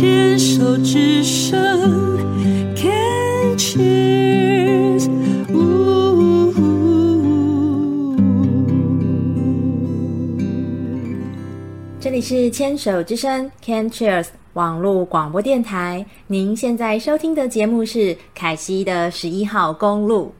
牽手之聲 Can Cheers，嗚嗚嗚。這裡是牽手之聲 Can Cheers 網絡廣播電臺，您現在收聽的節目是凱西的十一號公路。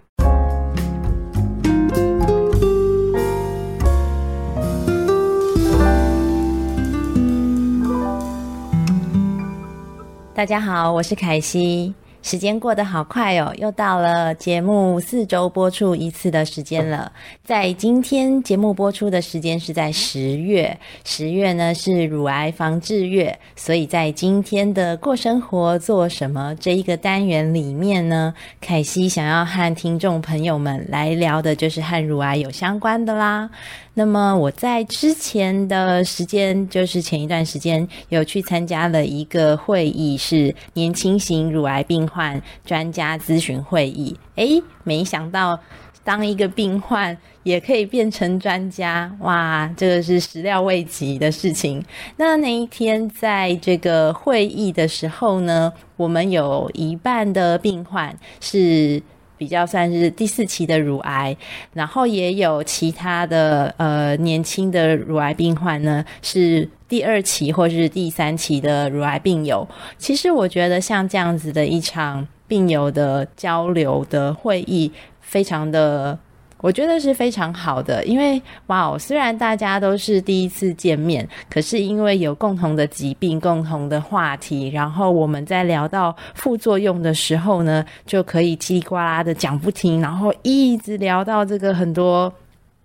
大家好，我是凱西。時間過得好快哦，又到了節目四周播出一次的時間了。在今天節目播出的時間是在十月，十月呢是乳癌防治月，所以在今天的過生活做什麼這一個單元裡面呢，凱西想要和聽眾朋友們來聊的就是和乳癌有相關的啦。那麼我在之前的時間，就是前一段時間有去參加了一個會議，是年輕型乳癌病患。專家諮詢會議，誒，沒想到當一個病患也可以變成專家，哇，這個是始料未及的事情。那那一天在這個會議的時候呢，我們有一半的病患是。比較算是第四期的乳癌，然後也有其他的呃年輕的乳癌病患呢，是第二期或是第三期的乳癌病友。其實我覺得像這樣子的一場病友的交流的會議，非常的。我覺得是非常好的，因為哇哦，雖然大家都是第一次見面，可是因為有共同的疾病、共同的話題，然後我們在聊到副作用的時候呢，就可以嘰里呱啦的講不停，然後一直聊到這個很多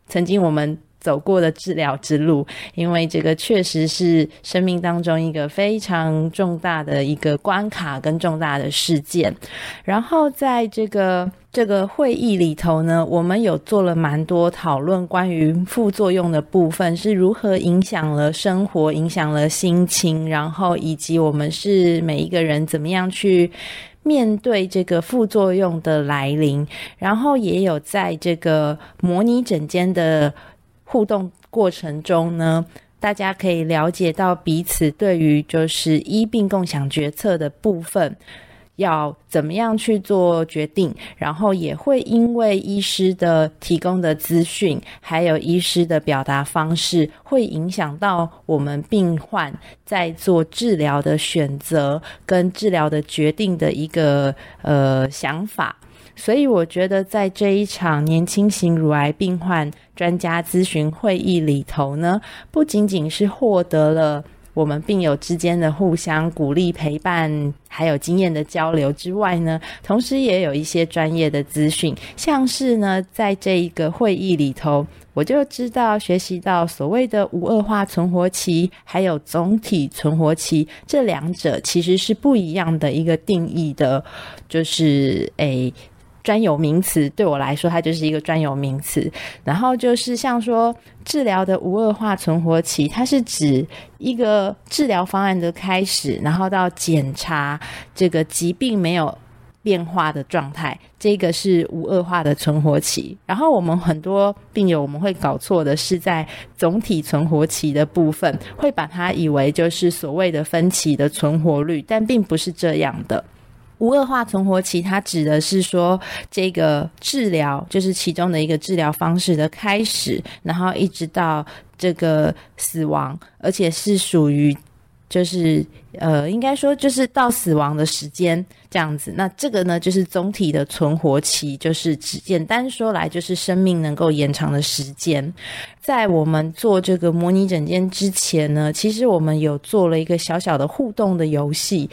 曾經我們。走過的治療之路，因為這個確實是生命當中一個非常重大的一個關卡跟重大的事件。然後在這個這個會議裡頭呢，我們有做了蠻多討論關於副作用的部分是如何影響了生活、影響了心情，然後以及我們是每一個人怎麼樣去面對這個副作用的來臨。然後也有在這個模擬診間的。互動過程中呢，大家可以了解到彼此對於就是醫病共享決策的部分，要怎麼樣去做決定，然後也會因為醫師的提供的資訊，還有醫師的表達方式，會影響到我們病患在做治療的選擇跟治療的決定的一個呃想法。所以我覺得，在這一場年輕型乳癌病患專家諮詢會議裡頭呢，不僅僅是獲得了我們病友之間的互相鼓勵、陪伴，還有經驗的交流之外呢，同時也有一些專業的資訊，像是呢，在這一個會議裡頭，我就知道學習到所謂的無惡化存活期，還有總體存活期，這兩者其實是不一樣的一個定義的，就是，誒。專有名詞對我來說，它就是一個專有名詞。然後就是像說治療的無惡化存活期，它是指一個治療方案的開始，然後到檢查這個疾病沒有變化的狀態，這個是無惡化的存活期。然後我們很多病友我們會搞錯的是在總體存活期的部分，會把它以為就是所謂的分期的存活率，但並不是這樣的。無惡化存活期，它指的是說這個治療就是其中的一個治療方式的開始，然後一直到這個死亡，而且是屬於就是呃，應該說就是到死亡的時間這樣子。那這個呢，就是總體的存活期，就是指簡單說來就是生命能夠延長的時間。在我們做這個模擬診間之前呢，其實我們有做了一個小小的互動的遊戲。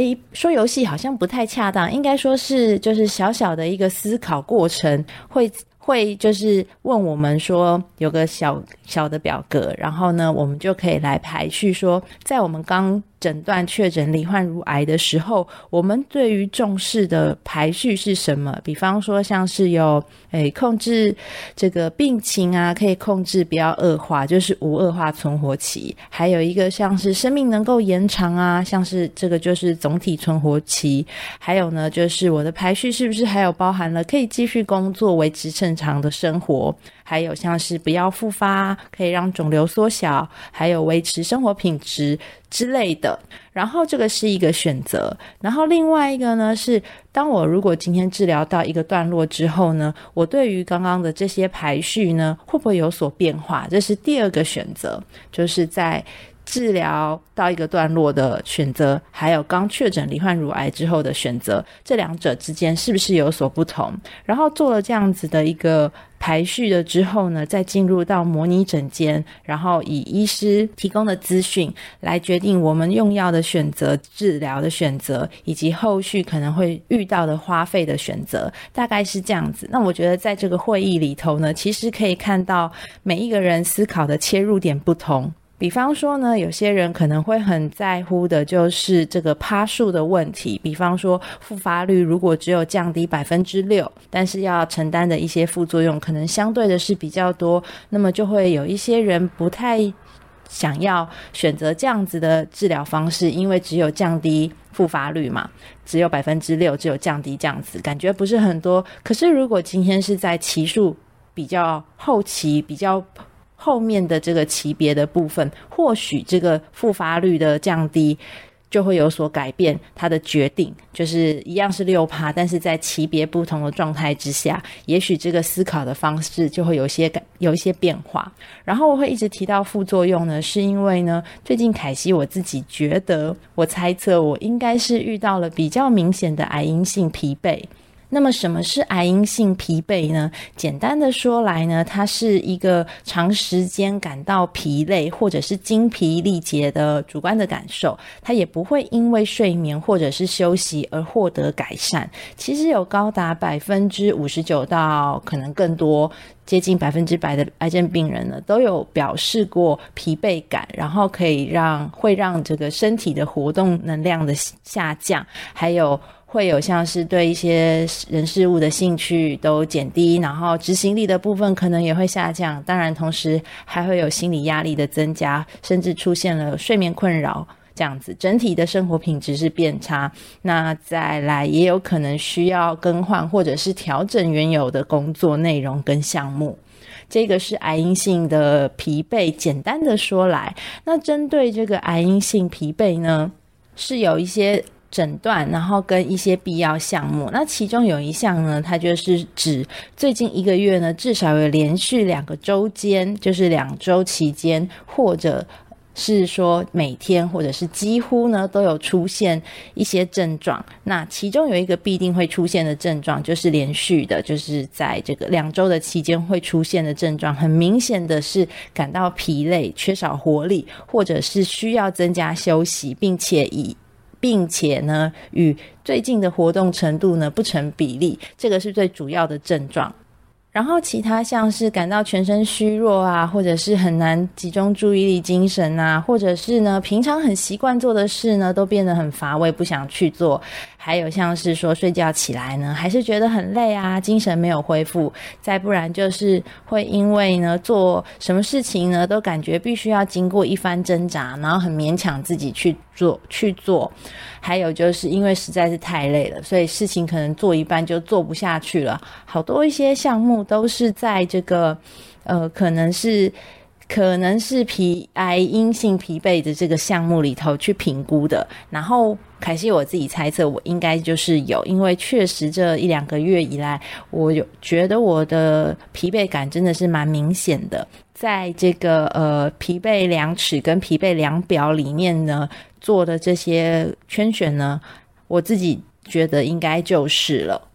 誒，說遊戲好像不太恰當，應該說是就是小小的一個思考過程，會會就是問我們說有個小小的表格，然後呢，我們就可以來排序說，在我們剛診斷確診罹患乳癌的時候，我們對於重視的排序是什麼？比方說像是有誒、哎、控制這個病情啊，可以控制不要惡化，就是無惡化存活期；還有一個像是生命能夠延長啊，像是這個就是總體存活期。還有呢，就是我的排序是不是還有包含了可以繼續工作、維持正常的生活？還有像是不要復發，可以讓腫瘤縮小，還有維持生活品質之類的。然後這個是一個選擇。然後另外一個呢是，當我如果今天治療到一個段落之後呢，我對於剛剛的這些排序呢，會不會有所變化？這是第二個選擇，就是在。治療到一個段落的選擇，還有剛確診罹患乳癌之後的選擇，這兩者之間是不是有所不同？然後做了這樣子的一個排序了之後呢，再進入到模擬診間，然後以醫師提供的資訊來決定我們用藥的選擇、治療的選擇以及後續可能會遇到的花費的選擇，大概是這樣子。那我覺得在這個會議裡頭呢，其實可以看到每一個人思考的切入點不同。比方說呢，有些人可能會很在乎的就是這個趴數的問題。比方說，復發率如果只有降低百分之六，但是要承擔的一些副作用可能相對的是比較多，那麼就會有一些人不太想要選擇這樣子的治療方式，因為只有降低復發率嘛，只有百分之六，只有降低這樣子，感覺不是很多。可是如果今天是在期數，比較後期比較，後面的這個期別的部分，或許這個復發率的降低就會有所改變它的決定，就是一樣是六趴，但是在期別不同的狀態之下，也許這個思考的方式就會有些改有一些變化。然後我會一直提到副作用呢，是因為呢，最近凱西我自己覺得，我猜測我應該是遇到了比較明顯的癌因性疲憊。那麼什麼是癌因性疲憊呢？簡單的說來呢，它是一個長時間感到疲累或者是精疲力竭的主觀的感受，它也不會因為睡眠或者是休息而獲得改善。其實有高達百分之五十九到可能更多，接近百分之百的癌症病人呢，都有表示過疲憊感，然後可以讓，會讓這個身體的活動能量的下降，還有。會有像是對一些人事物的興趣都減低，然後執行力的部分可能也會下降。當然，同時還會有心理壓力的增加，甚至出現了睡眠困擾這樣子，整體的生活品質是變差。那再來也有可能需要更換或者是調整原有的工作內容跟項目。這個是癌因性的疲憊，簡單的說來，那針對這個癌因性疲憊呢，是有一些。診斷，然後跟一些必要項目。那其中有一項呢，它就是指最近一個月呢，至少有連續兩個周間，就是兩周期間，或者是說每天，或者是幾乎呢，都有出現一些症狀。那其中有一個必定會出現的症狀，就是連續的，就是在這個兩周的期間會出現的症狀，很明顯的是感到疲累、缺少活力，或者是需要增加休息，並且以並且呢，與最近的活動程度呢不成比例，這個是最主要的症狀。然後其他像是感到全身虛弱啊，或者是很難集中注意力、精神啊，或者是呢平常很習慣做的事呢都變得很乏味，不想去做。還有像是說睡覺起來呢還是覺得很累啊，精神沒有恢復。再不然就是會因為呢做什麼事情呢都感覺必須要經過一番掙扎，然後很勉強自己去。做去做，還有就是因為實在是太累了，所以事情可能做一半就做不下去了。好多一些項目都是在這個，呃，可能是。可能是癌因性疲憊的這個項目裡頭去評估的。然後，開始我自己猜測，我應該就是有，因為確實這一兩個月以來，我有覺得我的疲憊感真的是蠻明顯的，在這個呃疲憊量尺跟疲憊量表裡面呢做的這些圈選呢，我自己覺得應該就是了。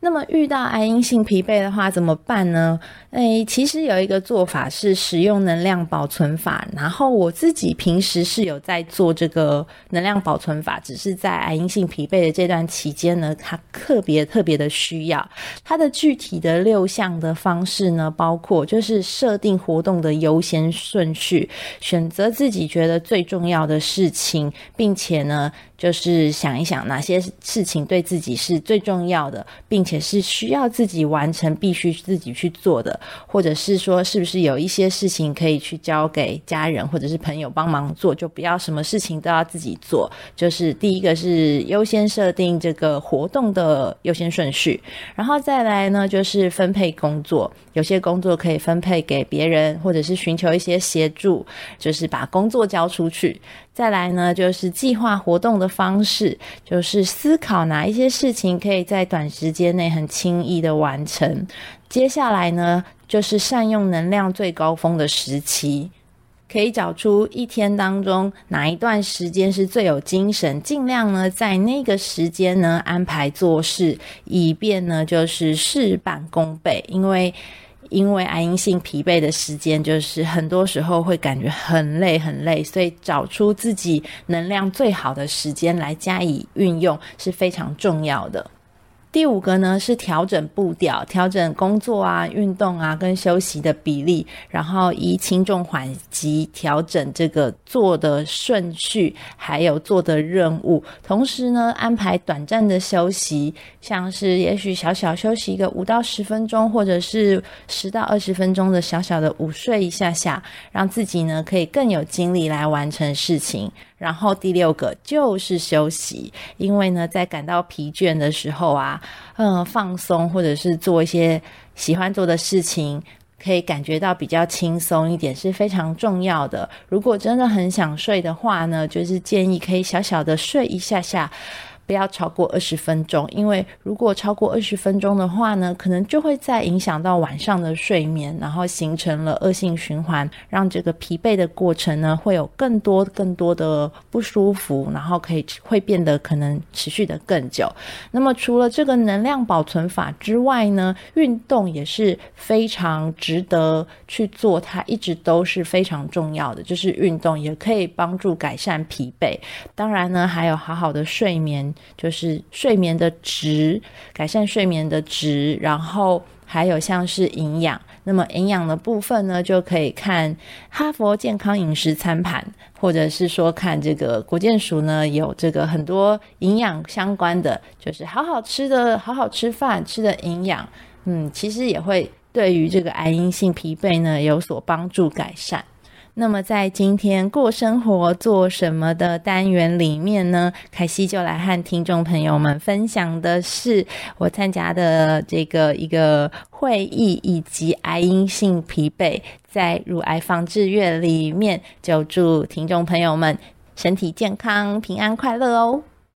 那麼遇到癌因性疲憊的話怎麼辦呢？誒、欸，其實有一個做法是使用能量保存法。然後我自己平時是有在做這個能量保存法，只是在癌因性疲憊的這段期間呢，它特別特別的需要。它的具體的六項的方式呢，包括就是設定活動的優先順序，選擇自己覺得最重要的事情，並且呢。就是想一想哪些事情對自己是最重要的，並且是需要自己完成，必須自己去做的，或者是說，是不是有一些事情可以去交給家人或者是朋友幫忙做，就不要什麼事情都要自己做。就是第一個是優先設定這個活動的優先順序，然後再來呢，就是分配工作，有些工作可以分配給別人，或者是尋求一些協助，就是把工作交出去。再來呢，就是計劃活動的方式，就是思考哪一些事情可以在短時間內很輕易的完成。接下來呢，就是善用能量最高峰的時期，可以找出一天當中哪一段時間是最有精神，盡量呢，在那個時間呢安排做事，以便呢，就是事半功倍，因為因為癌因性疲憊的時間，就是很多時候會感覺很累很累，所以找出自己能量最好的時間來加以運用是非常重要的。第五個呢，是調整步調，調整工作啊、運動啊跟休息的比例，然後依輕重緩急調整這個做的順序，還有做的任務，同時呢，安排短暫的休息，像是也許小小休息一個五到十分鐘，或者是十到二十分鐘的小小的午睡一下下，讓自己呢，可以更有精力來完成事情。然後第六個就是休息，因為呢在感到疲倦的時候啊。嗯，放鬆或者是做一些喜歡做的事情，可以感覺到比較輕鬆一點，是非常重要的。如果真的很想睡的話呢，就是建議可以小小的睡一下下。不要超過二十分鐘，因為如果超過二十分鐘的話呢，可能就會再影響到晚上的睡眠，然後形成了惡性循環，讓這個疲憊的過程呢會有更多更多的不舒服，然後可以會變得可能持續的更久。那麼除了這個能量保存法之外呢，運動也是非常值得去做，它一直都是非常重要的，就是運動也可以幫助改善疲憊。當然呢，還有好好的睡眠。就是睡眠的質，改善睡眠的質。然後還有像是營養，那麼營養的部分呢，就可以看哈佛健康飲食餐盤，或者是說看這個國健署呢有這個很多營養相關的，就是好好吃的、好好吃飯吃的營養，嗯，其實也會對於這個癌因性疲憊呢有所幫助改善。那麼在今天過生活做什麼的單元裡面呢，凱西就來和聽眾朋友們分享的是我參加的這個一個會議，以及癌因性疲憊。在乳癌防治月裡面，就祝聽眾朋友們身體健康、平安快樂哦。